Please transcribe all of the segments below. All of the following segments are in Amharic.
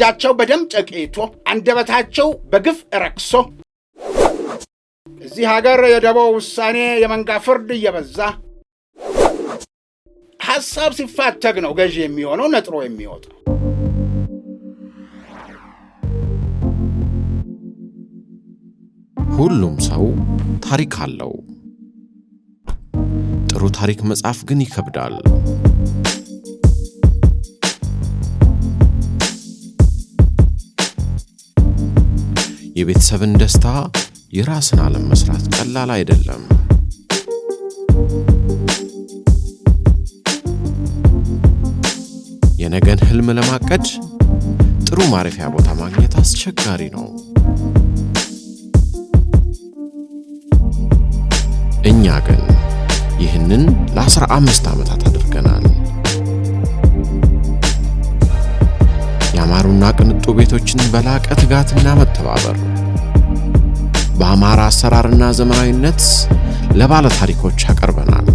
እጃቸው በደም ጨቅይቶ አንደበታቸው በግፍ ረክሶ እዚህ ሀገር የደቦ ውሳኔ የመንጋ ፍርድ እየበዛ ሐሳብ ሲፋተግ ነው ገዢ የሚሆነው ነጥሮ የሚወጣው። ሁሉም ሰው ታሪክ አለው። ጥሩ ታሪክ መጻፍ ግን ይከብዳል። የቤተሰብን ደስታ፣ የራስን ዓለም መስራት ቀላል አይደለም። የነገን ህልም ለማቀድ ጥሩ ማረፊያ ቦታ ማግኘት አስቸጋሪ ነው። እኛ ግን ይህንን ለአስራ አምስት ዓመታት አድርገናል። ያማሩና ቅንጡ ቤቶችን በላቀ ትጋትና መተባበር በአማራ አሰራርና ዘመናዊነት ለባለ ታሪኮች ያቀርበናል።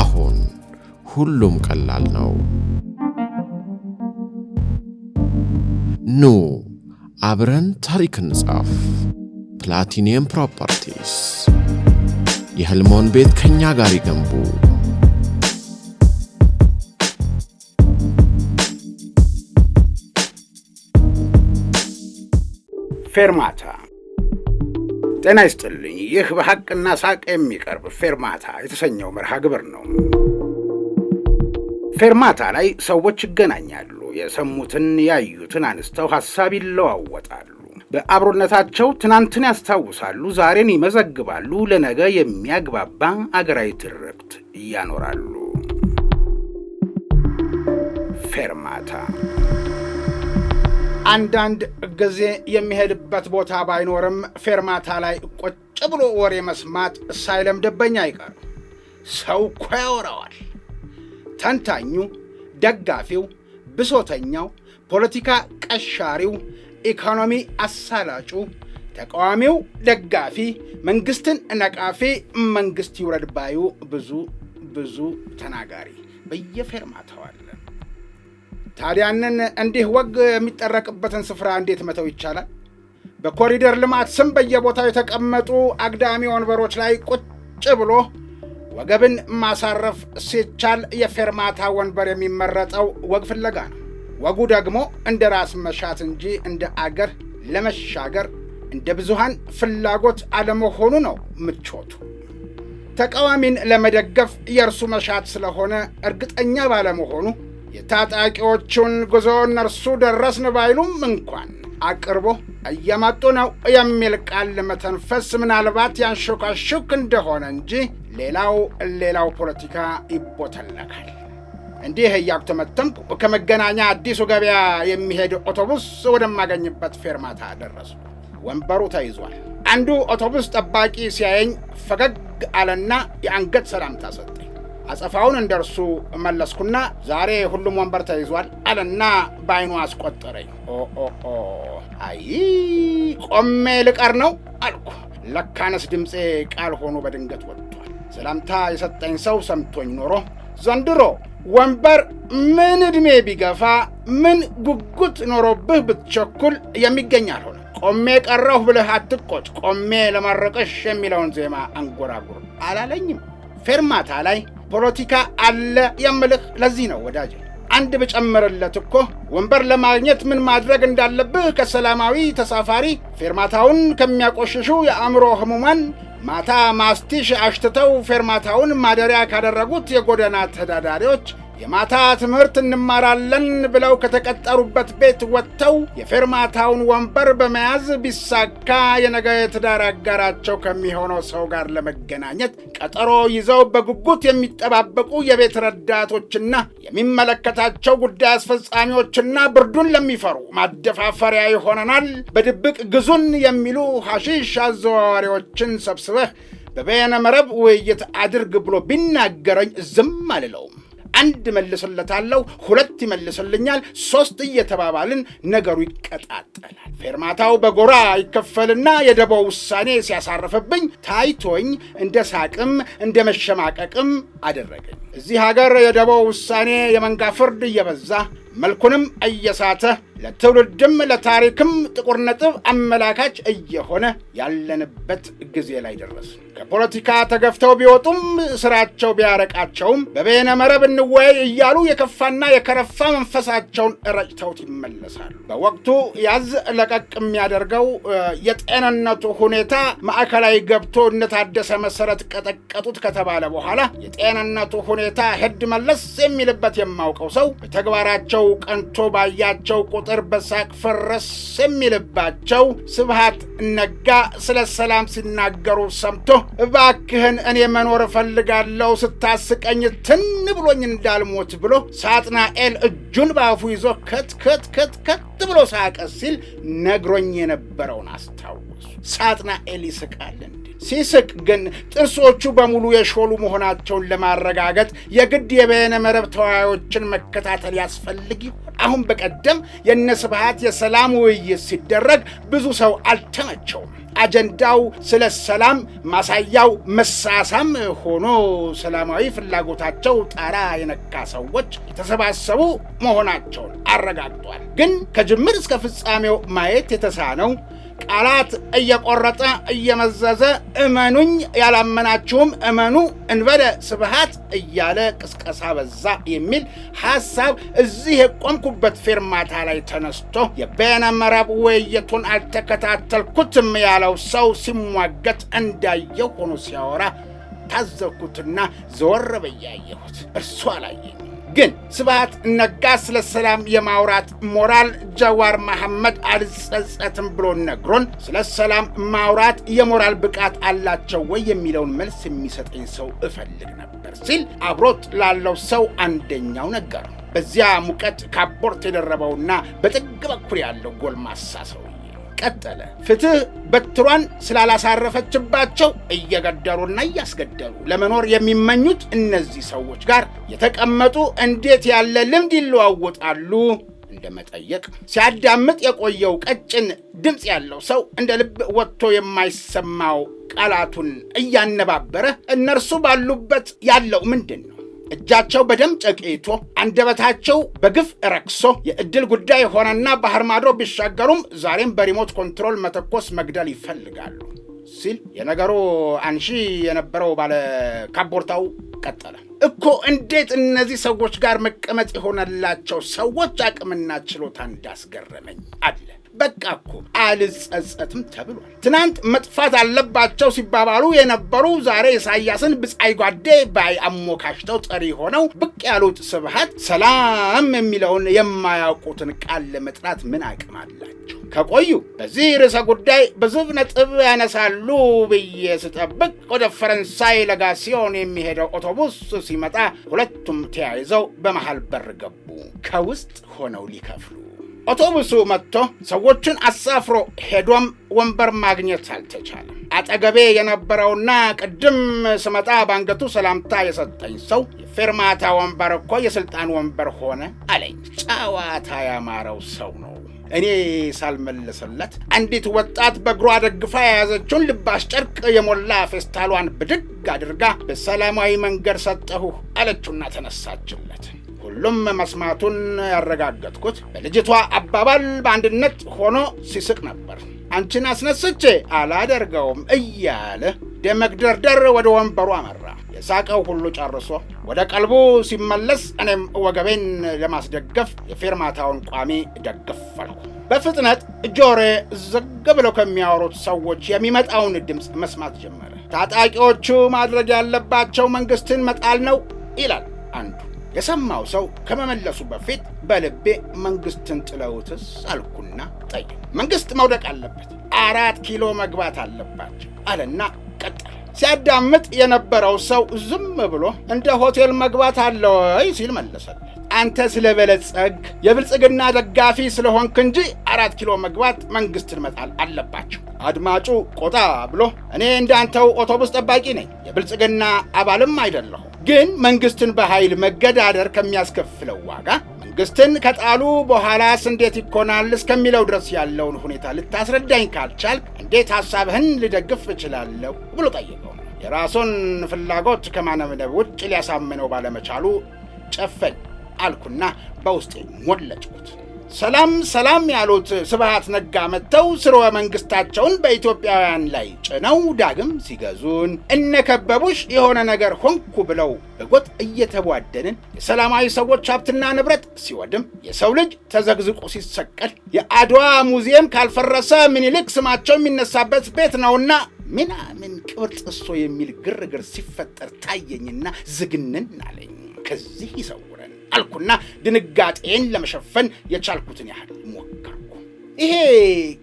አሁን ሁሉም ቀላል ነው። ኑ አብረን ታሪክ እንጻፍ። ፕላቲኒየም ፕሮፐርቲስ የህልሞን ቤት ከእኛ ጋር ይገንቡ። ፌርማታ ጤና ይስጥልኝ። ይህ በሐቅና ሳቅ የሚቀርብ ፌርማታ የተሰኘው መርሃ ግብር ነው። ፌርማታ ላይ ሰዎች ይገናኛሉ። የሰሙትን ያዩትን አንስተው ሐሳብ ይለዋወጣሉ። በአብሮነታቸው ትናንትን ያስታውሳሉ፣ ዛሬን ይመዘግባሉ፣ ለነገ የሚያግባባ አገራዊ ትርክት እያኖራሉ። ፌርማታ አንዳንድ ጊዜ የሚሄድበት ቦታ ባይኖርም ፌርማታ ላይ ቁጭ ብሎ ወሬ መስማት ሳይለምድብኝ አይቀርም። ሰው እኮ ያወራዋል። ተንታኙ፣ ደጋፊው፣ ብሶተኛው፣ ፖለቲካ ቀሻሪው፣ ኢኮኖሚ አሳላጩ፣ ተቃዋሚው ደጋፊ፣ መንግስትን ነቃፊ፣ መንግስት ይውረድ ባዩ ብዙ ብዙ ተናጋሪ በየፌርማታዋል ታዲያንን እንዲህ ወግ የሚጠረቅበትን ስፍራ እንዴት መተው ይቻላል? በኮሪደር ልማት ስም በየቦታው የተቀመጡ አግዳሚ ወንበሮች ላይ ቁጭ ብሎ ወገብን ማሳረፍ ሲቻል የፌርማታ ወንበር የሚመረጠው ወግ ፍለጋ ነው። ወጉ ደግሞ እንደ ራስ መሻት እንጂ እንደ አገር ለመሻገር እንደ ብዙሃን ፍላጎት አለመሆኑ ነው ምቾቱ። ተቃዋሚን ለመደገፍ የእርሱ መሻት ስለሆነ እርግጠኛ ባለመሆኑ የታጣቂዎቹን ጉዞ እነርሱ ደረስን ባይሉም እንኳን አቅርቦ እየመጡ ነው የሚል ቃል መተንፈስ ምናልባት ያንሾካሹክ እንደሆነ እንጂ ሌላው ሌላው ፖለቲካ ይቦተለካል። እንዲህ እያጉተመተምኩ ከመገናኛ አዲሱ ገበያ የሚሄድ አውቶቡስ ወደማገኝበት ፌርማታ ደረሱ። ወንበሩ ተይዟል። አንዱ አውቶቡስ ጠባቂ ሲያየኝ ፈገግ አለና የአንገት ሰላምታ ሰጠ። አጸፋውን እንደርሱ መለስኩና ዛሬ ሁሉም ወንበር ተይዟል አለና በአይኑ አስቆጠረኝ። ኦኦኦ አይ ቆሜ ልቀር ነው አልኩ። ለካነስ ድምፄ ቃል ሆኖ በድንገት ወጥቷል። ሰላምታ የሰጠኝ ሰው ሰምቶኝ ኖሮ ዘንድሮ ወንበር ምን ዕድሜ ቢገፋ ምን ጉጉት ኖሮብህ ብትቸኩል የሚገኝ አልሆነ። ቆሜ ቀረሁ ብለህ አትቆጭ፣ ቆሜ ለማረቀሽ የሚለውን ዜማ አንጎራጉር አላለኝም። ፌርማታ ላይ ፖለቲካ አለ የምልህ ለዚህ ነው ወዳጅ አንድ በጨመረለት እኮ ወንበር ለማግኘት ምን ማድረግ እንዳለብህ ከሰላማዊ ተሳፋሪ፣ ፌርማታውን ከሚያቆሽሹ የአእምሮ ህሙማን፣ ማታ ማስቲሽ አሽትተው ፌርማታውን ማደሪያ ካደረጉት የጎዳና ተዳዳሪዎች የማታ ትምህርት እንማራለን ብለው ከተቀጠሩበት ቤት ወጥተው የፌርማታውን ወንበር በመያዝ ቢሳካ የነገ የትዳር አጋራቸው ከሚሆነው ሰው ጋር ለመገናኘት ቀጠሮ ይዘው በጉጉት የሚጠባበቁ የቤት ረዳቶችና የሚመለከታቸው ጉዳይ አስፈጻሚዎችና ብርዱን ለሚፈሩ ማደፋፈሪያ ይሆነናል፣ በድብቅ ግዙን የሚሉ ሐሺሽ አዘዋዋሪዎችን ሰብስበህ በበየነ መረብ ውይይት አድርግ ብሎ ቢናገረኝ ዝም አልለውም። አንድ መልስለታለሁ፣ ሁለት ይመልስልኛል፣ ሶስት እየተባባልን ነገሩ ይቀጣጠላል። ፌርማታው በጎራ ይከፈልና የደቦ ውሳኔ ሲያሳርፍብኝ ታይቶኝ እንደ ሳቅም እንደ መሸማቀቅም አደረገኝ። እዚህ ሀገር የደቦ ውሳኔ የመንጋ ፍርድ እየበዛ መልኩንም እየሳተ ለትውልድም ለታሪክም ጥቁር ነጥብ አመላካች እየሆነ ያለንበት ጊዜ ላይ ደረስ። ከፖለቲካ ተገፍተው ቢወጡም ስራቸው ቢያረቃቸውም በበየነ መረብ እንወያይ እያሉ የከፋና የከረፋ መንፈሳቸውን ረጭተውት ይመለሳሉ። በወቅቱ ያዝ ለቀቅ የሚያደርገው የጤንነቱ ሁኔታ ማዕከላዊ ገብቶ እንደታደሰ መሰረት ቀጠቀጡት ከተባለ በኋላ የጤንነቱ ሁኔታ ሄድ መለስ የሚልበት የማውቀው ሰው በተግባራቸው ሰው ቀንቶ ባያቸው ቁጥር በሳቅ ፈረስ የሚልባቸው ስብሃት ነጋ ስለ ሰላም ሲናገሩ ሰምቶ እባክህን እኔ መኖር እፈልጋለሁ ስታስቀኝ ትን ብሎኝ እንዳልሞት ብሎ ሳጥናኤል እጁን በአፉ ይዞ ከት ከት ብሎ ሳቀ ሲል ነግሮኝ የነበረውን አስታውሱ። ሳጥናኤል ይስቃልን። ሲስቅ ግን ጥርሶቹ በሙሉ የሾሉ መሆናቸውን ለማረጋገጥ የግድ የበየነ መረብ ተወያዮችን መከታተል ያስፈልግ ይሆን? አሁን በቀደም የነስብሃት የሰላም ውይይት ሲደረግ ብዙ ሰው አልተመቸውም። አጀንዳው ስለ ሰላም፣ ማሳያው መሳሳም ሆኖ ሰላማዊ ፍላጎታቸው ጣራ የነካ ሰዎች የተሰባሰቡ መሆናቸውን አረጋግጧል። ግን ከጅምር እስከ ፍጻሜው ማየት የተሳነው ቃላት እየቆረጠ እየመዘዘ እመኑኝ ያላመናችሁም እመኑ እንበለ ስብሃት እያለ ቅስቀሳ በዛ የሚል ሐሳብ እዚህ የቆምኩበት ፌርማታ ላይ ተነስቶ የበይነ መረብ ውይይቱን አልተከታተልኩትም ያለው ሰው ሲሟገት እንዳየው ሆኖ ሲያወራ ታዘብኩትና ዘወር ብዬ እርሱ አላየኝ። ግን ስብሃት ነጋ ስለ ሰላም የማውራት ሞራል ጃዋር መሐመድ አልጸጸትም ብሎ ነግሮን ስለ ሰላም ማውራት የሞራል ብቃት አላቸው ወይ የሚለውን መልስ የሚሰጠኝ ሰው እፈልግ ነበር ሲል አብሮት ላለው ሰው አንደኛው ነገር በዚያ ሙቀት ካፖርት የደረበውና በጥግ በኩል ያለው ጎልማሳ ሰው ቀጠለ። ፍትህ በትሯን ስላላሳረፈችባቸው እየገደሉና እያስገደሉ ለመኖር የሚመኙት እነዚህ ሰዎች ጋር የተቀመጡ እንዴት ያለ ልምድ ይለዋወጣሉ እንደመጠየቅ ሲያዳምጥ የቆየው ቀጭን ድምፅ ያለው ሰው እንደ ልብ ወጥቶ የማይሰማው ቃላቱን እያነባበረ እነርሱ ባሉበት ያለው ምንድን ነው? እጃቸው በደም ጨቅይቶ አንደበታቸው በግፍ ረክሶ የእድል ጉዳይ ሆነና ባህር ማዶ ቢሻገሩም ዛሬም በሪሞት ኮንትሮል መተኮስ መግደል ይፈልጋሉ ሲል የነገሩ አንሺ የነበረው ባለ ካቦርታው ቀጠለ። እኮ እንዴት እነዚህ ሰዎች ጋር መቀመጥ የሆነላቸው ሰዎች አቅምና ችሎታ እንዳስገረመኝ አለ። በቃ እኮ አልጸጸትም ተብሏል። ትናንት መጥፋት አለባቸው ሲባባሉ የነበሩ ዛሬ ኢሳያስን ብጻይ ጓዴ ባይ አሞካሽተው ጠሪ ሆነው ብቅ ያሉት ስብሃት ሰላም የሚለውን የማያውቁትን ቃል ለመጥራት ምን አቅም አላቸው? ከቆዩ በዚህ ርዕሰ ጉዳይ በዝብ ነጥብ ያነሳሉ ብዬ ስጠብቅ ወደ ፈረንሳይ ለጋሲዮን የሚሄደው አውቶቡስ ሲመጣ ሁለቱም ተያይዘው በመሃል በር ገቡ። ከውስጥ ሆነው ሊከፍሉ አውቶቡሱ መጥቶ ሰዎችን አሳፍሮ ሄዶም ወንበር ማግኘት አልተቻለም። አጠገቤ የነበረውና ቅድም ስመጣ በአንገቱ ሰላምታ የሰጠኝ ሰው የፌርማታ ወንበር እኮ የሥልጣን ወንበር ሆነ አለኝ። ጨዋታ ያማረው ሰው ነው። እኔ ሳልመልስለት አንዲት ወጣት በእግሯ ደግፋ የያዘችውን ልባስ ጨርቅ የሞላ ፌስታሏን ብድግ አድርጋ በሰላማዊ መንገድ ሰጠሁ አለችና ተነሳችለት። ሁሉም መስማቱን ያረጋገጥኩት በልጅቷ አባባል በአንድነት ሆኖ ሲስቅ ነበር። አንቺን አስነስቼ አላደርገውም እያለ ደመግደርደር ወደ ወንበሩ አመራ። የሳቀው ሁሉ ጨርሶ ወደ ቀልቡ ሲመለስ እኔም ወገቤን ለማስደገፍ የፌርማታውን ቋሚ ደግፍ አልኩ። በፍጥነት ጆሬ ዘግ ብለው ከሚያወሩት ሰዎች የሚመጣውን ድምፅ መስማት ጀመረ። ታጣቂዎቹ ማድረግ ያለባቸው መንግስትን መጣል ነው ይላል አንዱ። የሰማው ሰው ከመመለሱ በፊት በልቤ መንግስትን ጥለውትስ አልኩና ጠየ መንግስት መውደቅ አለበት፣ አራት ኪሎ መግባት አለባቸው አለና ቀጠለ። ሲያዳምጥ የነበረው ሰው ዝም ብሎ እንደ ሆቴል መግባት አለ ወይ ሲል መለሰለት። አንተ ስለበለጸግ የብልጽግና ደጋፊ ስለሆንክ እንጂ አራት ኪሎ መግባት መንግስትን መጣል አለባቸው። አድማጩ ቆጣ ብሎ እኔ እንዳንተው አውቶቡስ ጠባቂ ነኝ፣ የብልጽግና አባልም አይደለሁም ግን መንግስትን በኃይል መገዳደር ከሚያስከፍለው ዋጋ መንግስትን ከጣሉ በኋላስ እንዴት ይኮናል እስከሚለው ድረስ ያለውን ሁኔታ ልታስረዳኝ ካልቻል እንዴት ሐሳብህን ልደግፍ እችላለሁ ብሎ ጠየቀው። የራሱን ፍላጎት ከማነብነብ ውጭ ሊያሳምነው ባለመቻሉ ጨፈን አልኩና በውስጤ ሞለጭኩት። ሰላም ሰላም ያሉት ስብሃት ነጋ መጥተው ስርወ መንግስታቸውን በኢትዮጵያውያን ላይ ጭነው ዳግም ሲገዙን እነከበቡሽ የሆነ ነገር ሆንኩ ብለው በጎጥ እየተቧደንን የሰላማዊ ሰዎች ሀብትና ንብረት ሲወድም የሰው ልጅ ተዘግዝቆ ሲሰቀል የአድዋ ሙዚየም ካልፈረሰ ምኒልክ ስማቸው የሚነሳበት ቤት ነውና ምናምን ቅብር ጥሶ የሚል ግርግር ሲፈጠር ታየኝና ዝግንን አለኝ። ከዚህ ይሰው አልኩና ድንጋጤን ለመሸፈን የቻልኩትን ያህል ሞከርኩ። ይሄ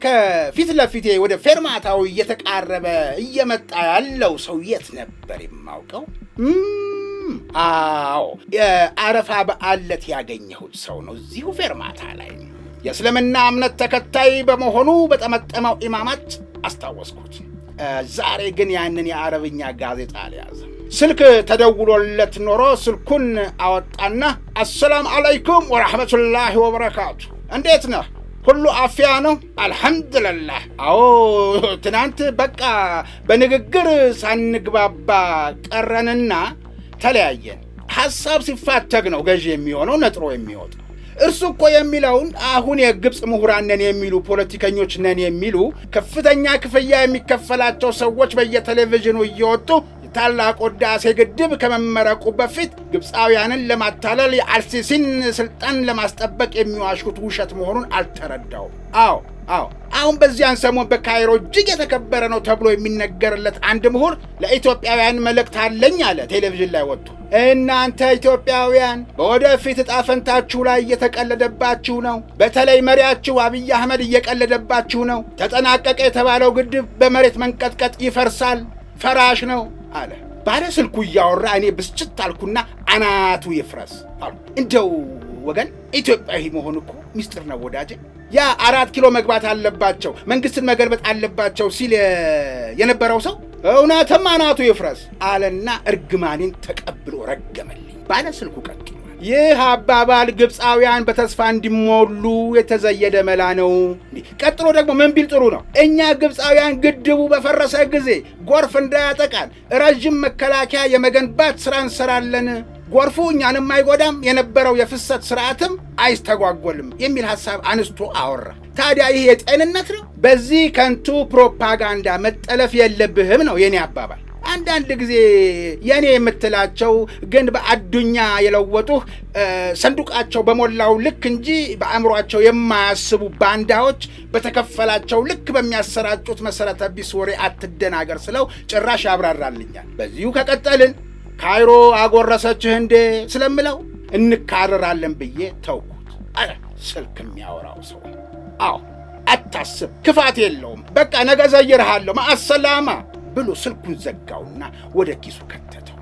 ከፊት ለፊቴ ወደ ፌርማታው እየተቃረበ እየመጣ ያለው ሰው የት ነበር የማውቀው? አዎ የአረፋ በዓለት ያገኘሁት ሰው ነው። እዚሁ ፌርማታ ላይ የእስልምና እምነት ተከታይ በመሆኑ በጠመጠመው ኢማማት አስታወስኩት። ዛሬ ግን ያንን የአረብኛ ጋዜጣ አልያዘም። ስልክ ተደውሎለት ኖሮ ስልኩን አወጣና አሰላም አለይኩም ወረሕመቱላሂ ወበረካቱ። እንዴት ነህ? ሁሉ አፍያ ነው? አልሐምድልላህ። አዎ ትናንት በቃ በንግግር ሳንግባባ ቀረንና ተለያየን። ሐሳብ ሲፋተግ ነው ገዢ የሚሆነው ነጥሮ የሚወጣ እርሱ እኮ የሚለውን አሁን የግብፅ ምሁራን ነን የሚሉ ፖለቲከኞች ነን የሚሉ ከፍተኛ ክፍያ የሚከፈላቸው ሰዎች በየቴሌቪዥኑ እየወጡ ታላቅ ህዳሴ ግድብ ከመመረቁ በፊት ግብፃውያንን ለማታለል የአልሲሲን ስልጣን ለማስጠበቅ የሚዋሹት ውሸት መሆኑን አልተረዳውም። አዎ አዎ አሁን በዚያን ሰሞን በካይሮ እጅግ የተከበረ ነው ተብሎ የሚነገርለት አንድ ምሁር ለኢትዮጵያውያን መልእክት አለኝ አለ። ቴሌቪዥን ላይ ወጥቶ እናንተ ኢትዮጵያውያን በወደፊት ዕጣ ፈንታችሁ ላይ እየተቀለደባችሁ ነው። በተለይ መሪያችሁ አብይ አህመድ እየቀለደባችሁ ነው። ተጠናቀቀ የተባለው ግድብ በመሬት መንቀጥቀጥ ይፈርሳል። ፈራሽ ነው። አለ። ባለ ስልኩ እያወራ እኔ ብስጭት አልኩና አናቱ ይፍረስ አሉ። እንደው ወገን ኢትዮጵያዊ መሆን እኮ ሚስጥር ነው ወዳጄ። ያ አራት ኪሎ መግባት አለባቸው፣ መንግስትን መገልበጥ አለባቸው ሲል የነበረው ሰው እውነትም አናቱ ይፍረስ አለና እርግማኔን ተቀብሎ ረገመልኝ። ባለ ስልኩ ቀን ይህ አባባል ግብፃውያን በተስፋ እንዲሞሉ የተዘየደ መላ ነው። ቀጥሎ ደግሞ ምን ቢል ጥሩ ነው? እኛ ግብፃውያን ግድቡ በፈረሰ ጊዜ ጎርፍ እንዳያጠቃን ረዥም መከላከያ የመገንባት ስራ እንሰራለን። ጎርፉ እኛንም አይጎዳም፣ የነበረው የፍሰት ስርዓትም አይስተጓጎልም የሚል ሐሳብ አንስቶ አወራ። ታዲያ ይህ የጤንነት ነው? በዚህ ከንቱ ፕሮፓጋንዳ መጠለፍ የለብህም ነው የኔ አባባል። አንዳንድ ጊዜ የእኔ የምትላቸው ግን በአዱኛ የለወጡህ ሰንዱቃቸው በሞላው ልክ እንጂ በአእምሯቸው የማያስቡ ባንዳዎች በተከፈላቸው ልክ በሚያሰራጩት መሰረተ ቢስ ወሬ አትደናገር ስለው ጭራሽ ያብራራልኛል። በዚሁ ከቀጠልን ካይሮ አጎረሰችህ እንዴ ስለምለው እንካረራለን ብዬ ተውኩት። አረ ስልክ የሚያወራው ሰው አዎ፣ አታስብ፣ ክፋት የለውም። በቃ ነገ ዘይርሃለሁ። ማአሰላማ ብሎ ስልኩን ዘጋውና ወደ ኪሱ ከተተው።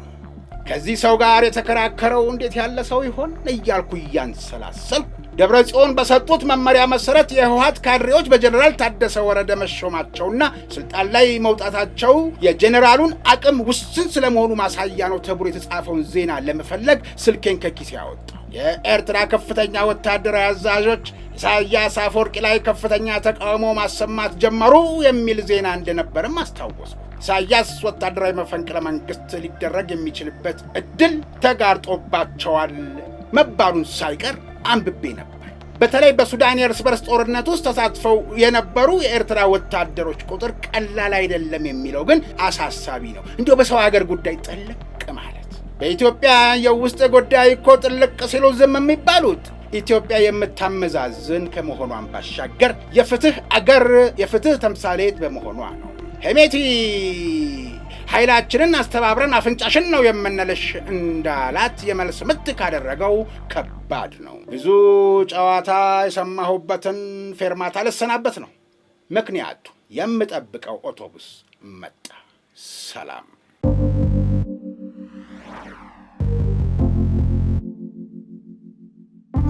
ከዚህ ሰው ጋር የተከራከረው እንዴት ያለ ሰው ይሆን እያልኩ እያንሰላሰልኩ ደብረ ጽዮን በሰጡት መመሪያ መሰረት የህወሀት ካድሬዎች በጀኔራል ታደሰ ወረደ መሾማቸውና ስልጣን ላይ መውጣታቸው የጀኔራሉን አቅም ውስን ስለመሆኑ ማሳያ ነው ተብሎ የተጻፈውን ዜና ለመፈለግ ስልኬን ከኪሴ ያወጣ። የኤርትራ ከፍተኛ ወታደራዊ አዛዦች ኢሳያስ አፈወርቂ ላይ ከፍተኛ ተቃውሞ ማሰማት ጀመሩ የሚል ዜና እንደነበርም አስታወስኩ። ኢሳያስ ወታደራዊ መፈንቅለ መንግስት ሊደረግ የሚችልበት እድል ተጋርጦባቸዋል መባሉን ሳይቀር አንብቤ ነበር። በተለይ በሱዳን የእርስ በርስ ጦርነት ውስጥ ተሳትፈው የነበሩ የኤርትራ ወታደሮች ቁጥር ቀላል አይደለም የሚለው ግን አሳሳቢ ነው። እንዲሁ በሰው ሀገር ጉዳይ ጥልቅ ማለት በኢትዮጵያ የውስጥ ጉዳይ እኮ ጥልቅ ሲሉ ዝም የሚባሉት ኢትዮጵያ የምታመዛዝን ከመሆኗን ባሻገር የፍትህ አገር የፍትህ ተምሳሌት በመሆኗ ነው። ሄሜቲ ኃይላችንን አስተባብረን አፍንጫሽን ነው የምንልሽ እንዳላት የመልስ ምት ካደረገው ከባድ ነው። ብዙ ጨዋታ የሰማሁበትን ፌርማታ ልሰናበት ነው። ምክንያቱ የምጠብቀው አውቶቡስ መጣ። ሰላም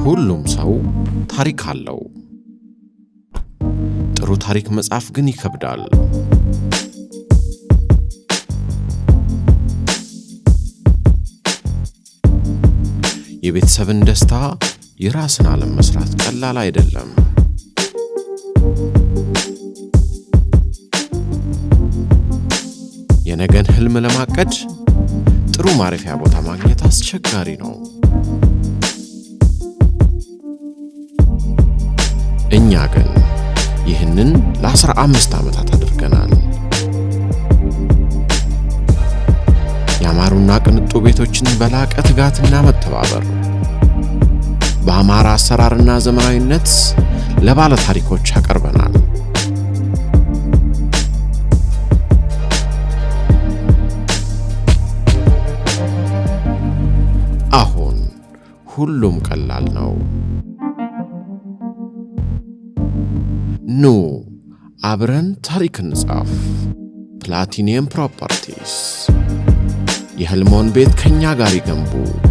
ሁሉም ሰው ታሪክ አለው። ጥሩ ታሪክ መጻፍ ግን ይከብዳል። የቤተሰብን ደስታ፣ የራስን ዓለም መስራት ቀላል አይደለም። የነገን ህልም ለማቀድ ጥሩ ማረፊያ ቦታ ማግኘት አስቸጋሪ ነው። እኛ ግን ይህንን ለአስራ አምስት ዓመታት አድርገናል። ያማሩና ቅንጡ ቤቶችን በላቀ ትጋትና መተባበር በአማራ አሰራርና ዘመናዊነት ለባለ ታሪኮች ያቀርበናል። አሁን ሁሉም ቀላል ነው። ኑ አብረን ታሪክ እንጻፍ። ፕላቲኒየም ፕሮፐርቲስ የህልሞን ቤት ከእኛ ጋር ይገንቡ።